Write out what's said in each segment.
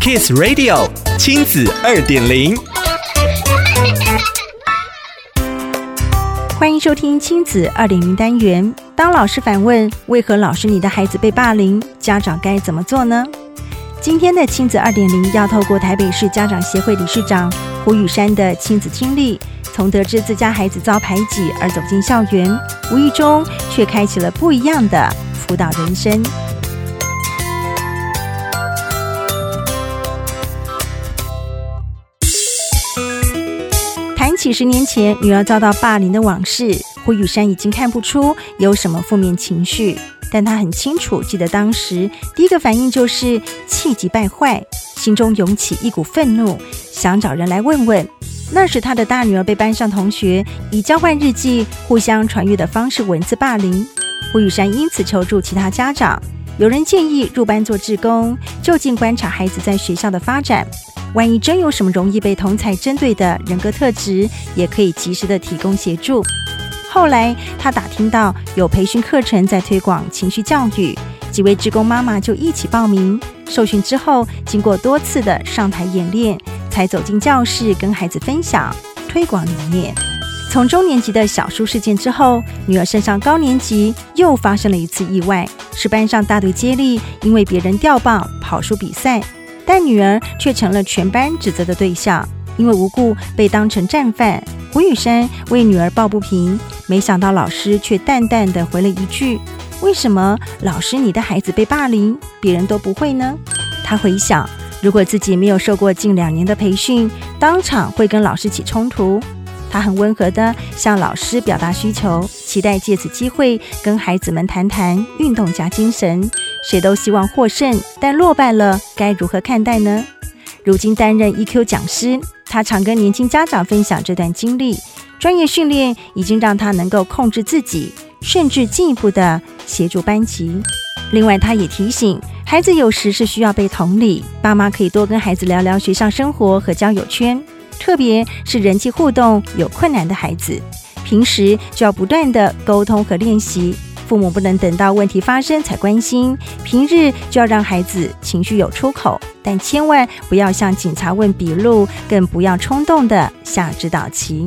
Kiss Radio 親子二點零，歡迎收聽親子二點零單元。當老師反問，為何老是你的孩子被霸凌，家長該怎麼做呢？今天的親子二點零要透過台北市家長協會理事長胡語姍的親子經歷，從得知自家孩子遭排擠而走進校園，無意中卻開啟了不一樣的輔導人生。幾十年前，女兒遭到霸凌的往事，胡語姍已經看不出有什麼負面情緒，但她很清楚，記得當時第一個反應就是氣急敗壞，心中湧起一股憤怒，想找人來問問。那時她的大女兒被班上同學以交換日記、互相傳閱的方式文字霸凌，胡語姍因此求助其他家長，有人建議入班做志工，就近觀察孩子在學校的發展。萬一真有什麼容易被同儕針對的人格特質，也可以及時的提供協助。後來，他打聽到有培訓課程在推廣情緒教育，幾位志工媽媽就一起報名受訓。之後，經過多次的上台演練，才走進教室跟孩子分享推廣理念。從中年級的小數事件之後，女兒升上高年級，又發生了一次意外，是班上大隊接力，因為別人掉棒，跑輸比賽。但女兒卻成了全班指責的對象，因為無故被當成戰犯。胡語姍為女兒抱不平，沒想到老師卻淡淡的回了一句：“為什麼老是你的孩子被霸凌，別人都不會呢？”她回想，如果自己沒有受過近兩年的培訓，當場會跟老師起衝突。她很溫和的向老師表達需求，期待借此機會跟孩子們談談運動家精神。誰都希望獲勝，但落敗了該如何看待呢？如今擔任 EQ 講師，他常跟年輕家長分享這段經歷。專業訓練已經讓他能夠控制自己，甚至進一步地協助班級。另外，他也提醒，孩子有時是需要被同理，爸媽可以多跟孩子聊聊學校生活和交友圈，特別是人際互動有困難的孩子，平時就要不斷地溝通和練習。父母不能等到問題發生才關心，平日就要讓孩子情緒有出口，但千萬不要向警察問筆錄，更不要衝動地下指導棋。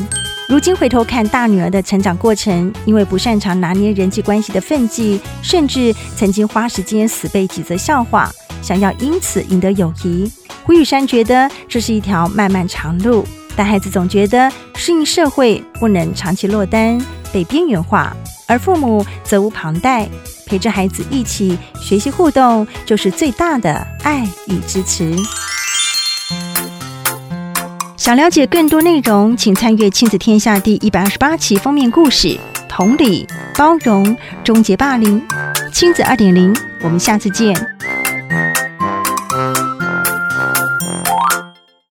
如今回頭看大女兒的成長過程，因為不擅長拿捏人際關係的分際，甚至曾經花時間死背幾則笑話，想要因此贏得友誼。胡語姍覺得這是一條漫漫長路，但孩子總覺得適應社會不能長期落單，被邊緣化，而父母責無旁貸，陪着孩子一起學習互動，就是最大的愛與支持。想了解更多內容，請參閱《親子天下》第一百二十八期封面故事。同理，包容，終結霸凌，親子二點零。我們下次見。